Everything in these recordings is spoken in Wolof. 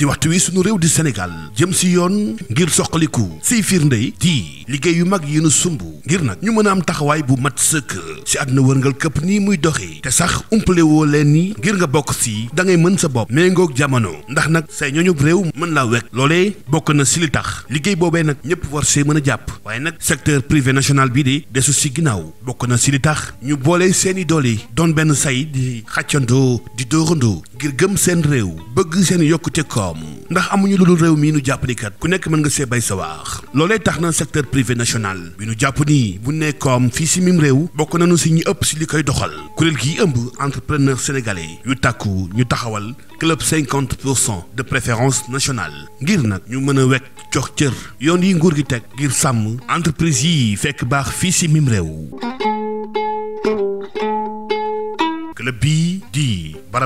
ci waxtu wi sunu réew di Sénégal jëm si yoon ngir soqaliku siy firnde di liggéey yu mag yi nu sumb ngir nag ñu mën a am taxawaay bu mat sëkk si àdduna wërngal këpp nii muy doxee te sax umpale woo leen ni ngir nga bokk si da ngay mën sa bopp méngoog jamono ndax nag say ñooñub réew mën laa wekk loolee bokk na si li tax liggéey boobee nag ñëpp war see mën a jàpp waaye nag secteur privé national bii de desu si ginnaaw bokk na si li tax ñu boole seeni doole doon benn say di xàccandoo di ngir gëm seen réew bëgg seen yokkute ko koom ndax amuñu lu dul réew mii nu jàpp ku nekk mën nga see bay sa waax loolee tax na secteur privé national bi nu jàpp nii bu ne koom fii si mim réew bokk nañu si ñi ëpp si li koy doxal kuréel gi ëmb entrepreneur sénégalais yu tàkku ñu taxawal club 50 pour cent de préférence nationale ngir nag ñu mën a wekk jox cër yoon yi nguur gi teg ngir sàmm entreprise yi fekk baax fii si mim réew nekk la bii di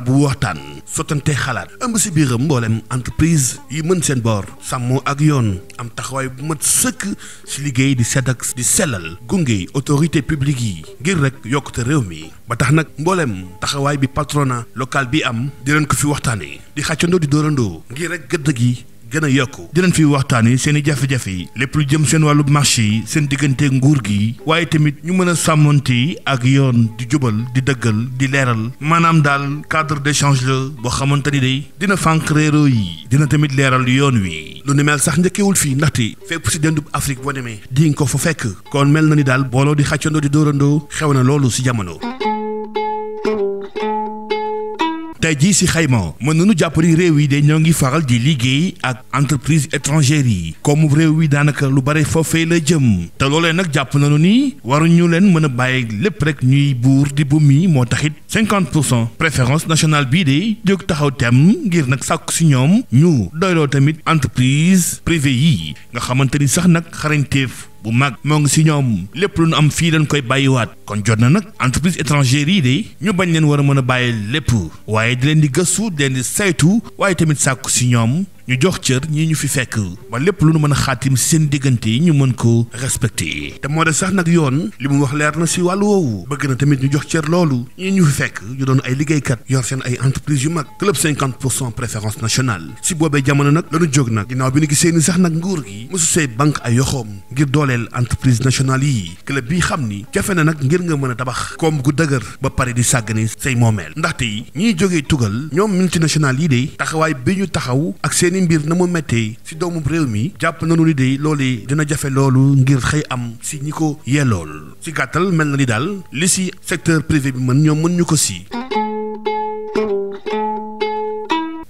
bu waxtaan sottante xalaat ëmb si biiram mboolem entreprise yi mën seen boor sàmmoo ak yoon am taxawaay bu mat sëkk si liggéey di sedd ak di sellal gunge autorité publique yi ngir rek yokkute réew mi ba tax nag mboolem taxawaay bi patronat local bi am di leen ko fi waxtaanee di xàccandoo di dóorandoo ngir rek gëdd gi gën a yokku dinañ fi waxtaani seen i jafe-jafe yi lépp lu jëm seen wàllu marché yi seen diggante nguur gi waaye tamit ñu mën a sàmmonte ak yoon di jubal di dëggal di leeral maanaam daal cadre d'échange la boo xamante ni day dina fànq réeroo yi dina tamit leeral yoon wi lu ni mel sax njëkkewul fii ndaxte fépp si dendub Afrique boo demee di ko fa fekk kon mel na ni daal booloo di xàccandoo di dóorandoo xew na loolu si jamono tey jii si xayma mën nañu jàpp ni réew yi de ñoo ngi faral di liggéey ak entreprise étrangères yi comme réew yi daanaka lu bare foofee la jëm te loolee nag jàpp nañu nii ni waruñu leen mën a bàyyi lépp rek ñuy buur di bu mi moo taxit cinquante pour cent préférence nationale bii de jóg taxaw tem ngir nag sàkku si ñoom ñu doyloo tamit entreprise privée yi nga xamante ni sax nag xarañteef bu mag moo ngi si ñoom lépp lu nu am fii dañ koy bàyyiwaat kon jot na nag entreprise étranger yi de ñu bañ leen war a mën a bàyyi lépp waaye di leen di gëstu di leen di saytu waaye tamit sàkku si ñoom ñu jox cër ñii ñu fi fekk ba lépp lu nu mën a xaatim seen diggante yi ñu mën ko respecté te moo de sax nag yoon li mu wax leer na si wàllu woowu bëgg na tamit ñu jox cër loolu ñii ñu fi fekk ñu doon ay liggéeykat yor seen ay entreprise yu mag club pour cent préférence nationale si boobee jamono nag lañu jóg nag ginnaaw bi ñu gisee ni sax nag nguur gi mësu see banque ay yoxoom ngir dooleel entreprise nationale yi club bi xam ni jafe na nag ngir nga mën a tabax koom gu dëgër ba pare di sàggane say moomeel ndaxte yi ñiy tugal ñoom multinationale yi de taxawaay taxaw seeni mbir na mu méttee si doomu réew mi jàpp nañu ni de loolu dina jafe loolu ngir xëy am si ñi ko yellool ci gàttal mel na ni daal li si secteur privé bi mën ñoom mën ñu ko si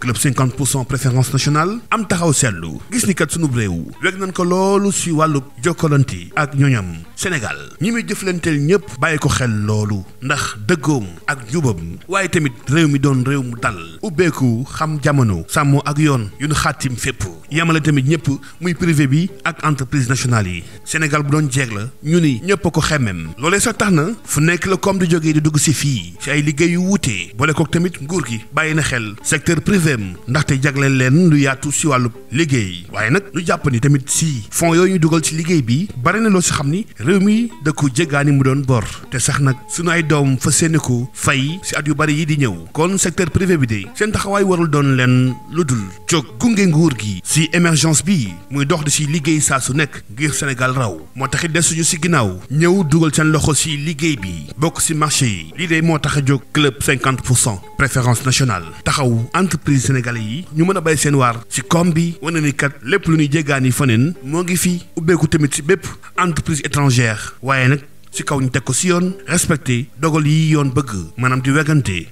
club 50 pour cent préférence nationale am taxaw seetlu gis ni kat sunub réew weg nañ ko loolu si wàllu jokkalante ak ñooñam Sénégal ñi muy jëflanteel ñëpp bàyyi ko xel loolu ndax dëggoom ak jubam waaye tamit réew mi doon réew mu dal ubbeeku xam jamono sàmmoo ak yoon yu nu xaatim fépp yamale tamit ñëpp muy privé bi ak entreprise nationale yi Sénégal bu doon jeeg la ñu ni ñëpp a ko xemmem loolee sax tax na fu nekk la koom di jógee di dugg si fii ci ay liggéey yu wuute boole kook tamit nguur gi bàyyi na xel secteur privé ndaxte jagleel leen lu yaatu si wàllu liggéey waaye nag lu jàpp ni tamit si fonds yooyu ñu dugal ci liggéey bi bari na loo si xam ni réew mi dëkku ko jéggaani mu doon bor te sax nag sunu ay doom fa seeni ko fay si at yu bari yi di ñëw kon secteur privé bi de seen taxawaay warul doon leen lu dul jóg gunge nguur gi di émergence bi muy dox di si liggéey saa su nekk ngir Sénégal raw moo taxit desuñu si ginnaaw ñëw dugal seen loxo si liggéey bi bokk si marché yi lii de moo tax a jóg club 50 pour cent préférence nationale taxaw entreprise sénégalais yi ñu mën a béy seen waar si koom bi wane ni kat lépp lu ñuy jéggaani faneen moo ngi fi ubbeeku tamit si bépp entreprise étrangère waaye nag si kaw ñu teg ko si yoon respecté dogal yi yoon bëgg maanaam di wegante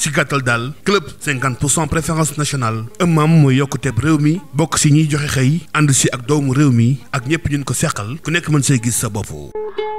si gàttal daal club 50 cent préférence nationale ëmmam mooy yokkuteeb réew mi bokk si ñuy joxe xëy ànd si ak doomu réew mi ak ñëpp ñun ko seqal ku nekk mën see gis sa bopp.